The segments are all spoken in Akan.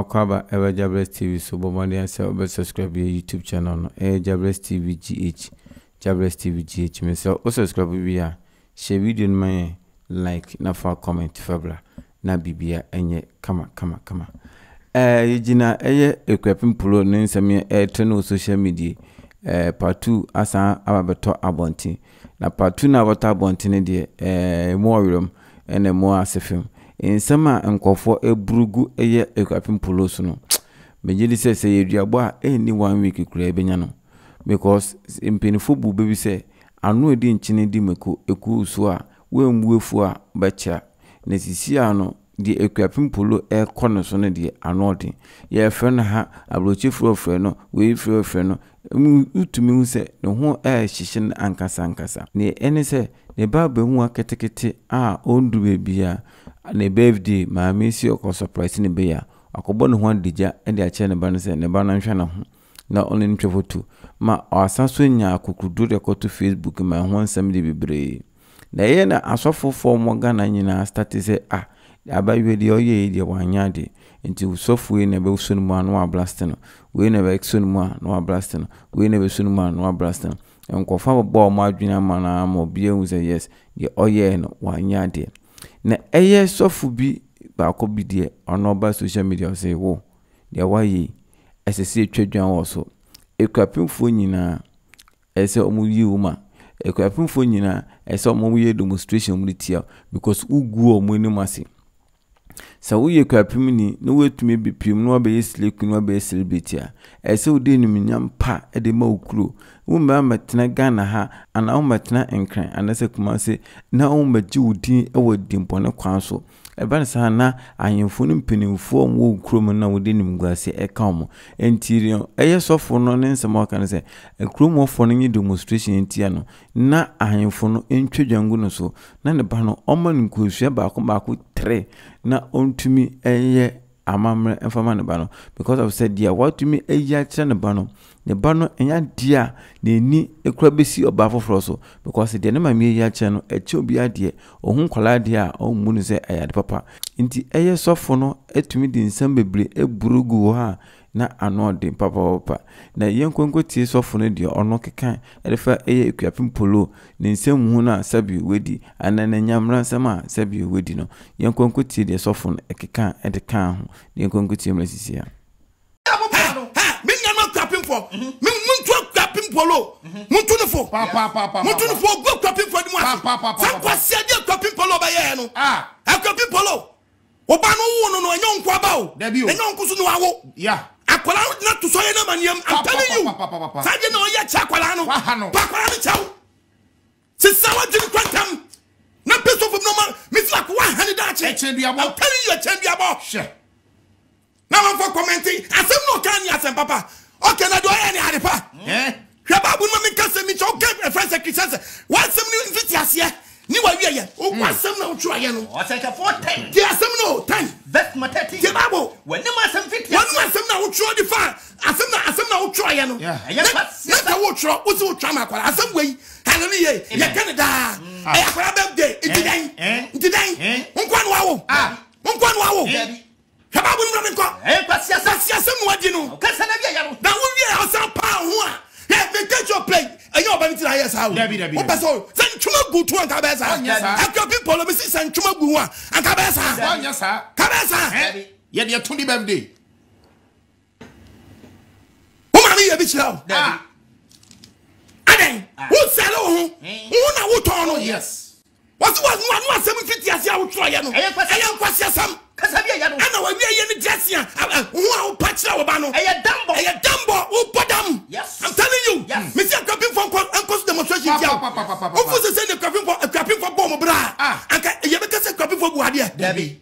wakɔ aba ɛwɔ jabres tv so bɔ mmɔden sɛ wobɛ subscribe yɛ youtube channel no ɛyɛ jabres tv gh jabres tv gh me sɛ wo subscribe bi a hyɛ video no ma yɛ like na fa comment fa na biribia ɛnyɛ kama kama kama ɛɛ eh, yɛgyina ɛyɛ ekurapem polo ne nsɛm ɛɛtɔ no wɔ social media ɛɛ eh, part two asan aba bɛtɔ abɔnten na part two na abɛtɔ abɔnten eh, no deɛ ɛɛ mu ɔwerɛm ɛna mu asefem nsɛm a nkurɔfoɔ aburu gu yɛ akwapem polo so no megye di sɛ sɛ yɛ aduabɔ a ɛnni one week koraa bɛnya no because mpanyinfo bu bebi sɛ ano a ɛdi nkyene di mako ɛkuu so a wɔammu afuo a bɛkyea na sisi a no deɛ akuapem polo ɛrekɔ no so no deɛ ano ɔden yɛfrɛ no ha aburokyifoɔ frɛ no wei frɛfrɛ frɛ no wotumi hu sɛ ne ho ɛrehyehyɛ no ankasa ankasa na ɛne sɛ ne ba abɛhu a ketekete a ɔnduru baabiara ne birthday maame si ɔkɔ surprise ne bɛ ya akɔbɔ ne ho adigya de akyerɛ ne ho na ɔne no ma ɔasa so nya akokoduro de facebook ma ɛho nsɛm de bebree na ɛyɛ na asɔfofoɔ ghana nyinaa start sɛ ah abayewa deɛ ɔyɛ yi deɛ wanyɛ ade nti sɔfo yi na ɛbɛso no mu a na wabraste no wei na ɛbɛso no mu a na wabraste no wei na ɛbɛso no mu a na wabraste no nkɔfa bɔbɔ a adwene ama no ama obiara hu sɛ yes deɛ no wanyɛ na ɛyɛ sɔfo bi baako bi deɛ ɔno ɔba social media ɔsɛ wo deɛ wayɛ ɛsɛ sɛ etwa dwan wɔ so ekuapemfoɔ nyinaa ɛsɛ wɔn yi wɔn a ekuapemfoɔ nyinaa ɛsɛ wɔn yɛ demonstration mu de tia because wogu wɔn anim ase sɛ woyɛ kwapemni na woatumi bepiem na wabɛyɛ sileki na wabɛyɛ celebrity a ɛsɛ wode nimnyam pa de ma wo kuro womma mɛtena ghana ha anaa womɛtena nkran anaasɛ kuma se na wommɛgye wo din wɔ dimpɔne kwan so ɛba ne saa na ahemfo no mpanimfoɔ a wɔwɔ kurom no a wɔde nimguase ɛka wɔn nti no ɛyɛ sɔfo no ne nsɛm a ɔka no sɛ akuromuafoɔ no nye demonstration ntia no na ahemfo no ntwa dwango no so na ne ba no ɔma no nkosua baako baako tere na ɔntumi ɛyɛ amammerɛ mfama ne ba no because of sɛ deɛ watumi ayi akyerɛ ne ba no ne ba no ɛnya deɛ a n'ani kura bɛsi ɔbaa foforɔ so because deɛ ne maame ayi akyerɛ no ɛkyɛ obiara adeɛ ɔho nkwadaa deɛ a ɔmmu no sɛ ɛyɛ ade papa nti ɛyɛ sɔfo no atumi de nsɛm bebree aburu gu hɔ a na ano ọ papaapa na yɛn nkonko tie sɔfo no deɛ ɔno keka ɛde fa ɛyɛ polo ne nsɛm hu no a sɛbi ne nyamra nsɛm a sɛbi no yɛn nkonko tie deɛ sɔfo no ɛkeka ɛde tie mu mi nya fɔ mi mi ntu polo mu ntu ne fo mu ntu ne fo mu ase kwasi adi polo yɛ no ah. polo ɔba akwara na to sɔre na ma nìyɛn i'm telling you sáájú na ɔyɛ kyɛ akwara no pa akwara no kyɛw sisan wa jiri kwantam na peso fom na ma misila wa hali da kye i'm telling you ɛkyɛn duabɔ na ma fɔ kɔmɛnti asɛm na ɔka ni asɛm papa ɔkɛ na de ɔyɛ ni adepa hwɛ baabu na mi ka sɛ mi kyɛ ɔkɛ ɛfɛ sɛ kristian sɛ wa asɛm ni nfi ti aseɛ ni wa wie yɛ o ko hmm. asɛm na o tura yɛ no. ɔsɛnkɛfo ten. di asɛm na o ten. verse ma thirteen. ti baabo. wɛnim asɛm fiti. wɛnim asɛm na o tura di fa asɛm na asɛm na o tura yɛ no. ɛyɛ fa sisan. ne ta o tura o si o tura ma akɔla asɛm wo yi hallelujah yɛ kɛ ne daa ɛyɛ akɔla bɛ de nti dɛn eh, nti dɛn eh. nkɔ ah. eh, ni wa wo nkɔ ni wa wo hwɛ baabo ni mu na mi nkɔ. ɛyɛ fa siasɛm. fa siasɛm ni wa di no. kɛsɛn na wiye yɛ no. na wo wiye ɔsan paa ho a na meditation play ɛyɛ ɔba ne ti na ayɛ saa o wopɛ sɛ o sɛ ntwuma gu to anka bɛɛ saa ɛkura pimpɔ no bɛsi sɛ ntwuma gu ho a anka bɛɛ saa ka bɛɛ saa yɛde ɛto ne bɛm de wo maa ne yɛ bi kyerɛ o adan wo sɛre wo ho wo na wotɔn no wɔsi wa nu asɛm fiti ase a wotwerɛ yɛ no ɛyɛ nkwasi asɛm kasa bi ɛyɛ no. ɛna wɔn wiye ni dɛsi a wọn a wɔpa kyerɛ wɔn ba no. ɛyɛ dambɔ. ɛyɛ dambɔ o bɔ dam. yes i'm telling you. yes mesi akwapin fɔ nkɔ nkɔsu demonstration di a. papapapapa o fo sese ne akwapin fɔ eh, akwapin fɔ bɔ ɔmo bra. Ah. anka eh, yɛ bɛ kɛse akwapin fɔ adeɛ. dabi.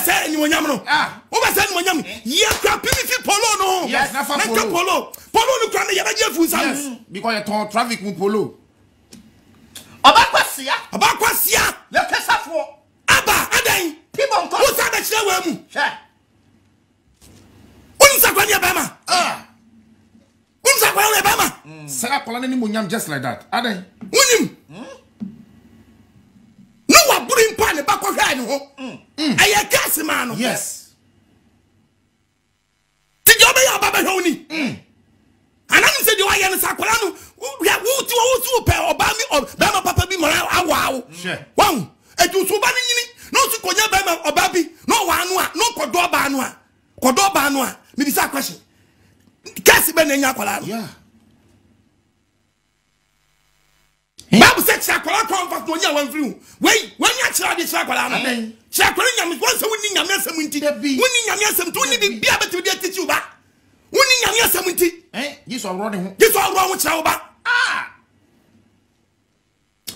sɛ ɛnumonyam no. Ah. wo sɛ ɛnumonyam eh. yɛ akwapin fi polo no. yes nafa polo polo polo ni kura ne yɛ bɛ jɛ funsan. yes because yɛ traffic mu polo. ɔbɛ kɔ siya. ɔbɛ kɔ siya. yɛ aba adan pibɔ nkɔ. musa bɛ kyerɛ wɛn mu. hɛ. wọnú sakura ni ẹ bẹ́ẹ̀ ma. wọnú sakura ni ẹ bẹ́ẹ̀ ma. sẹ́yà kọ́lá ni mo yam just like that. adé. wúnyìm. ní wà buru mpa ni bá kọ́hwẹ́ ẹ̀ ni ho. ẹ yẹ gáàsì máa nù. yes. tìjẹ́ ọbẹ̀ yà ọba bẹ̀ hẹ́ òní. anam sẹ di wa yẹ ni sakura nu wúti wọ́n wúti wọ́n pẹ̀ ọba mi bẹ́ẹ̀ ma papa bi mọ̀ awọ awọ. wọ́n ẹ̀jú sùn bá ní ɔbaa bi na ɔwɔ ano a na ɔkɔdɔ ɔbaa no a kɔdɔ ɔbaa no a mibisa akwɛhyɛ kɛse bɛ na enya akwadaa no. baabu sɛ kyerɛ akwadaa kɔn fa kɔn yi a wɔn firi ho wei wɔn nyɛ kyerɛ adi kyerɛ akwadaa no kyerɛ akwadaa nyame wɔn sɛ wɔn ni nyame asɛm nti wɔn ni nyame asɛm nti wɔn ni bibi a bɛtɛ bi ɛtikyi ba wɔn ni nyame asɛm nti. yesu awurɔ ne ho yesu awurɔ ho kyerɛ wo ba.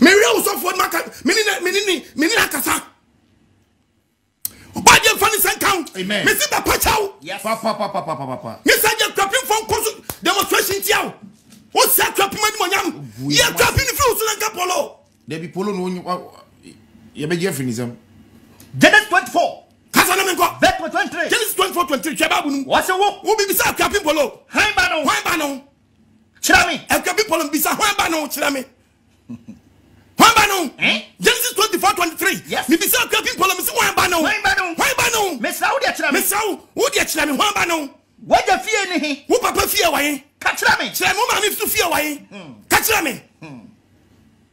mewia wosɔfoɔ no maka mene ne ọba jẹ nfa ni sẹ nkan mi si da pàṣẹ o mi sẹ jẹ krapi nfa nkoso demonstration ti a o o sẹ krapi ma ni mo yam yẹ krapi ni fi o sinna nka polo. dẹbi polo ni o ni yẹ bẹ jẹ fi ni sẹm. genesis twenty four. kasa na mi verse twenty three. genesis twenty four twenty three twɛ baabu nu. wɔsi wo. wo bi bisa krapi polo. hɛn ba n'o. hɛn ba n'o. kyerɛ mi. ɛ e krapi polo bisa hɛn ba n'o kyerɛ mi. hɛn ba n'o. Eh? genesis twenty four twenty three. yes. mi bisa kyerɛ me ho aba no wagya fie ne he wo papa fie wɔye ka kyerɛ me kyerɛ me wo maame so fie wɔye hmm. ka kyerɛ me hmm.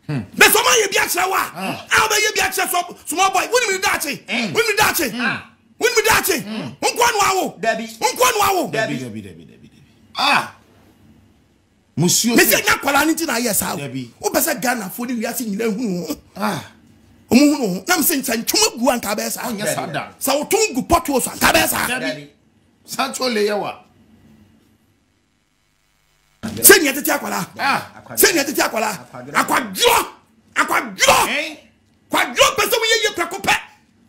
Hmm. mɛ sɔ ma yɛ bi akyerɛ wa a wobɛyɛ bi akyerɛ sɔ small boy wonim ne daakye wonim ne daakye wonim ne daakye nkoa no awo nkoa no awo ah. musuo sɛ mɛsɛ nya kwalaa no nti na ayɛ saa wopɛ sɛ ghanafoɔ ne wiase nyina hunu ho ah. ɔmo hunu ho nam sɛ nkyɛ ntwom agu anka bɛyɛ saa sɛ woto gu pɔtoo so anka bɛyɛ saa Santo le yɛ wa. sẹ́ni ẹ tẹ́tí akwara sẹ́ni ẹ tẹ́tí akwara akwadurọ akwadurọ akwadurọ pẹ̀sẹ̀ wọ́n yẹ yẹ pẹ̀kọ pẹ̀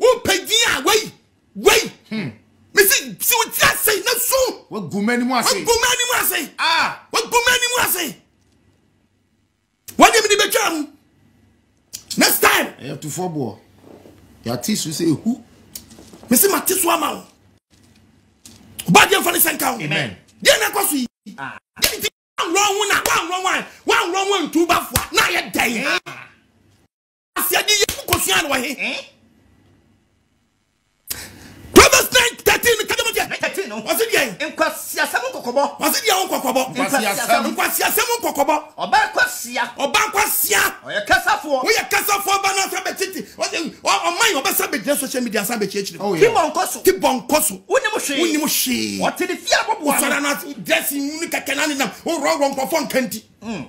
wọ́n pẹ̀ dín à wẹ́yì wẹ́yì misi si o ti ase ne sun. wọ́n gun mẹ́ ni mu ase. wọ́n gun mẹ́ ni mu ase. wọ́n gun ni mu ase. wọ́n ní mi ni bẹ twẹ́ mu next time. ẹ̀yà tó fọ́ bọ̀ yà á ti sùn sí ehu. misi ma ti sùn ama o awurade nfa ne sɛ ho deɛ na ɛkɔ so yi deɛ nti ho na wanworɔ ho a wanworɔ ho ntubafoa na ayɛ dɛn eh. aseade yɛ mu kɔsua ne wɔ he eh no. Wasi di ayi. Nkwasi asɛm nkɔkɔbɔ. Wasi di awo nkɔkɔbɔ. Nkwasi asɛm. Nkwasi asɛm nkɔkɔbɔ. Ɔba nkwasia. Ɔba nkwasia. Ɔyɛ kasafoɔ. Woyɛ kasafoɔ ba n'asɛ bɛ titi. Ɔman yi ɔbɛsa bɛ gyina social media san bɛ kyerɛkyerɛ. Oh, Ti bɔ nkɔ so. Ti bɔ nkɔ so. Wunimu hwee. Wunimu hwee. Ɔtɛnifia bɔ bɔ. Wosɔrɔ na dɛsi nunu kɛkɛ naani nam. Wɔwɔwɔ nkɔfɔ nkɛnti. Hmm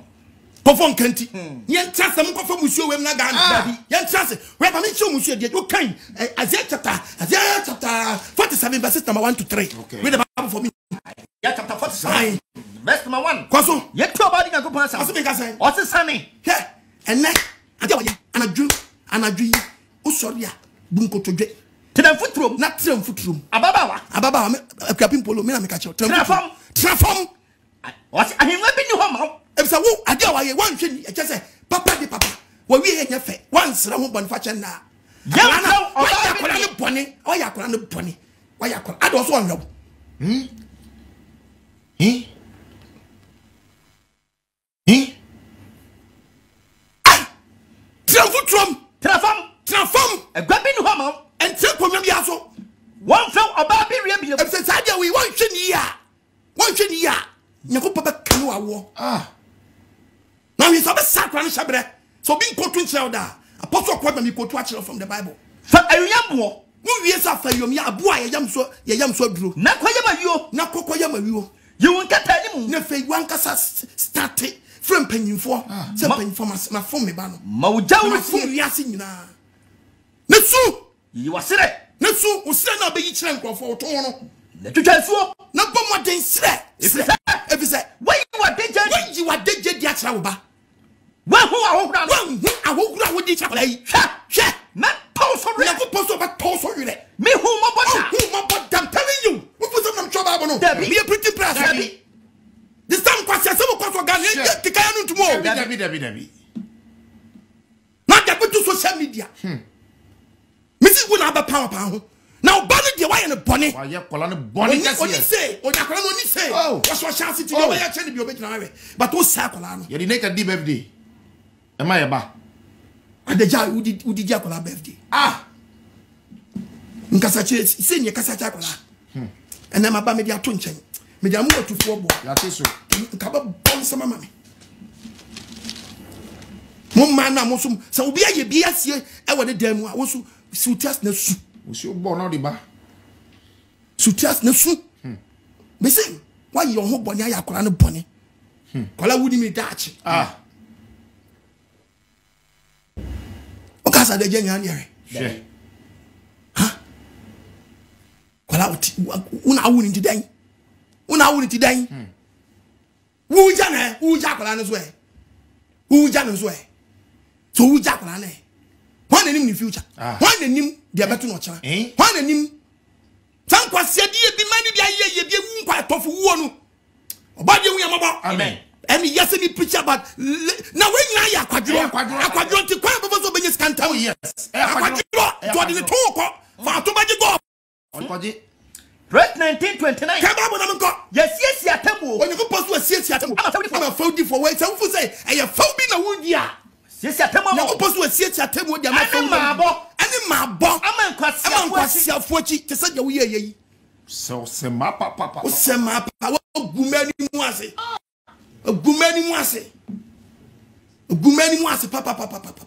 kɔfɔ nkanti hmm. yɛntra sɛ mokɔfɔ musuo wɛm na ghana ah. yɛntra sɛ wɛba menkyerɛ musuo deɛ wokan eh, aseɛ chapter aseɛ chapter Forty-seven, verse number one to three. 3 read the bible for me Isaiah chapter forty-seven. verse number one. 1 kɔ so yɛtu ɔba de nyankopɔn asɛm ɔse menka sɛ ɔse sane hwɛ ɛnɛ adeɛ wɔyɛ anadwo anadwo yi wosɔre a bu nkotodwe tena mfoturom na tena mfoturom ababaawa ababaawa akuapim eh, polo mena na kyerɛ tena fam tena fam ɔse ahengua bi ni hɔ ma wo ebisa wo ade a wayɛ wanhwɛ ni ɛkyɛ sɛ papa de papa wɔwie yɛ nyɛ fɛ wansra ho bɔnifakyɛ naa yɛmfɛ ɔyɛ akɔla ne bɔne ɔyɛ akɔla ne bɔne ɔyɛ akɔla ade ɔso ɔnwɛ wo hmm? hmm? hmm? tiranfo turam tirafam tirafam ɛgba bi ni hɔ ma ɛntire nkonnwa bi aso wɔnfɛ ɔbaa bi wie bi ebisa saa deɛ wɔyi wɔnhwɛ ni yia wɔnhwɛ ni yia nyɛ ko papa kanu awɔ. Ah na nsa bɛsa akora no hyɛ berɛ sɛ obi nkɔtu nkyerɛ wo daa apɔso ɔkɔ ma mekɔtu akyerɛ from the bible fa awiyamboɔ wowie sɛ afa awiyam yɛ aboa a yɛyam so yɛyam so aduro na kɔyɛ ah, ma wio na kɔkɔ yɛ ma wio yɛwo nkata ne mu na afei wankasa starte frɛ mpanyimfoɔ sɛ mpanyimfoɔ mafom me ba no ma wogya wo fom wiase nyinaa ne su yiyi waserɛ ne su wo serɛ no a bɛyi kyerɛ nkurɔfoɔ woto ho no natwitwa nsuo na bɔ mmɔden serɛ serɛ ɛfisɛ wayi wadegya wayi wadegya di akyerɛ wo ba wahu ahohora no wahu ahohora a wodi kyakora yi hwɛ hwɛ mɛpɔw so werɛ nyankopɔn sɛ ɔbɛpɔw so werɛ mehu mɔbɔ da hu mɔbɔ da mpɛle yiw wofu sɛ nam twɛ baabɔ no meyɛ pretty press dabi de sɛ nkwasi asɛ mo kɔsɔ ghana yɛ kekaya no ntum o dabi dabi dabi na dabi to social media mesi hmm. wo na abɛpa ɔpa ho na ɔba no deɛ wayɛ no bɔne wayɛ kɔla no bɔne kɛseɛ ɔni se onyakɔla no ɔni se oh. wɔsɔ hyɛ ase ti oh. deɛ ɔbɛyɛ kyɛ no bi ɔbɛgyina awɛ but wo saa kɔla no yɛde naked di birthday ẹ má yẹ ba. adagya wodidi akwadaa birthday. ah nkasakyerɛ sɛ nyɛ kasakyerɛ akwadaa hmm. ɛnna ma ba mi di ato nkyɛn mi di amu atufoɔ bɔ. yate so. nkaba bɔ nsɛm ama mi. mo mmaa na mo so sɛ obi ayɛ bi asie ɛwɔ ne dan mu a woso siwutias na su. osi bɔ n'ɔde ba. siwutias na su. bese wayɛ ɔho bɔnne ayɛ akwadaa no bɔnne. kɔla wudi mi daakye. ah. asa de gye nyina ne yɛhwɛ hwɛ ha kwala wona awo ne ti dɛn wona awo ne ti dɛn wugya ne wugya kwala ne so ɛ wugya ne so ɛ so wugya kwala ne wɔn na nim ne future ah. wɔn na nim deɛ bɛto na ɔkyerɛ eh? wɔn na nim sankwasiɛ bi ebi mani ne bi ayɛ yɛ bi ewu nkwa atɔfo wuo no ɔba de ewu yɛ mɔbɔ amen. amen ɛni yasi ni picture but na wɔn nyinaa yɛ akwadurɔ akwadurɔ nti kwan bɛbɛ so bɛnyɛ sika ntam akwadurɔ tɔdi ni tɔn kɔ fatumagye gɔl. Verse 19, 29. Kaba mo namu ko. Yesiesie atamu. Onyeko posu asiesie atamu. Ama fawdi for wait. Sawfu say, ɛyɛ faw bi na wudi a. Siesie atamu. Nyeko posu asiesie atamu di ama faw. Ani maabɔ. Ani maabɔ. Ama nkwasiafo. Ama nkwasiafo akyi. Te sɛ deɛ woyɛ yɛ yi. Sɛ ɔsɛ maa papa. Ɔsɛ maa papa. Wɔgu mɛ ni mu ase egu m'anim ase egu m'anim ase papapapapapa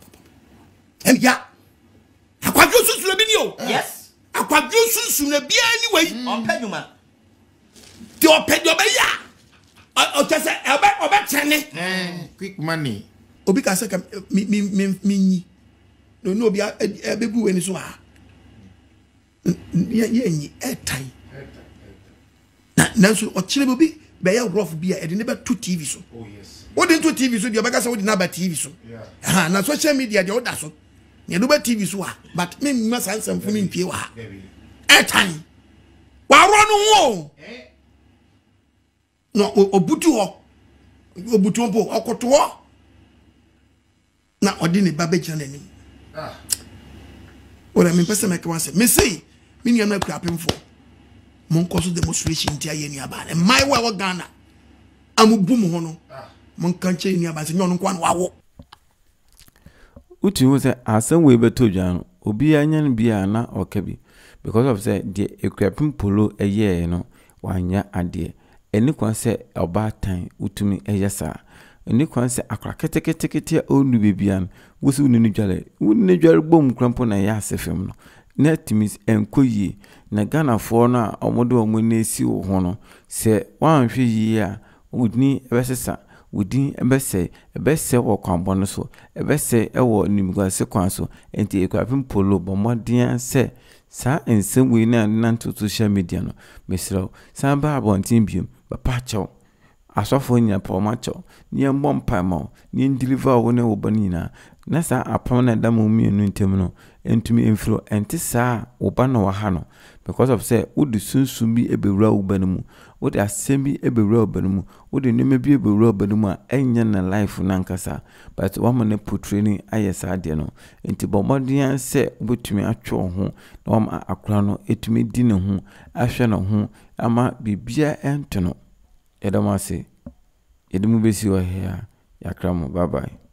ɛnja akwadwo sunsun bi ni o akwadwo sunsun na bia ni wei ɔpɛ dwuma te ɔpɛ de ɔbɛ yá ɔkyɛ sɛ ɔbɛ ɔbɛ kyɛnɛ. quick money. obi ka sɛ ka mi mi mi mi nyi na onú obi ɛbɛ bu wɛni so a yɛ yɛ nyi ɛɛtan na nanso ɔkyerɛ bi obi bɛyɛ rɔf bi a ɛde ne bɛto tv so oh, wode nto tv so deɛ ɔbɛka sɛ wode no aba tv so na social media deɛ woda so neɛ de wobɛ tv so a but memmima saa nsɛmfo no mpie wɔ ha ɛtan wɔaworɔ no ho eh? na ɔbutu hɔ ɔbutu mpo ɔkoto hɔ na ɔde ne ba bɛgyina n'anim wɔda ah. mempɛ sɛ mɛka wa sɛ mesei me nua no akura apemfoɔ monkɔ so demonstration ntia yɛ nnuaba no mmaayewa ɛwɔ ghana a mobu mo no ah. monka nkyɛ yɛ nnuaba nyɛ ɔno nkoa no wawɔ wotumi hu sɛ asɛm wei bɛtɔ dwa no obiara nya no na ɔka bi because of sɛ deɛ ekuapem polo ɛyɛɛ no wanyɛ adeɛ ɛne kwan sɛ ɔbaatan wotumi ɛyɛ saa kwan sɛ akora ketekete a ɔnnu beebi no wosi wuni dwale wuni dwale bom na ɛyɛ fam na tumi nkɔ yie na ghanafoɔ no a wɔde wɔn ani asi ho no sɛ wɔanhwɛ yie a wo din bɛsesa wo din bɛsɛe ɛbɛsɛe wɔ kwanbɔ no so ɛbɛsɛe wɔ kwan so nti polo bɔ mmɔden sɛ saa nsɛm wei no mesrɛ san abɔnten biom asɔfoɔ nyina pɛ ɔmo akyɛw ne yɛn bɔ mpa ma wo ne ne wo bɔ no nyinaa na saa apam no ɛda ma wo mmienu ntam no ntumi mfiri ɛnte saa wo ba no waha no because of sɛ wode sunsum bi ɛbɛwura wo no mu wode asɛm bi ɛbɛwura wo no mu wode nneɛma bi ɛbɛwura wo no mu a ɛnyɛ na life no ankasa but wama no potire no ayɛ saa deɛ no nti bɔ mmɔden sɛ wobɛtumi atwe wo ho na wama akora no ɛtumi di ne ho ahwɛ ne ho ama biribia ɛnto no yɛda mo ase yɛde mu bɛsi wɔ he a yɛakra mo babae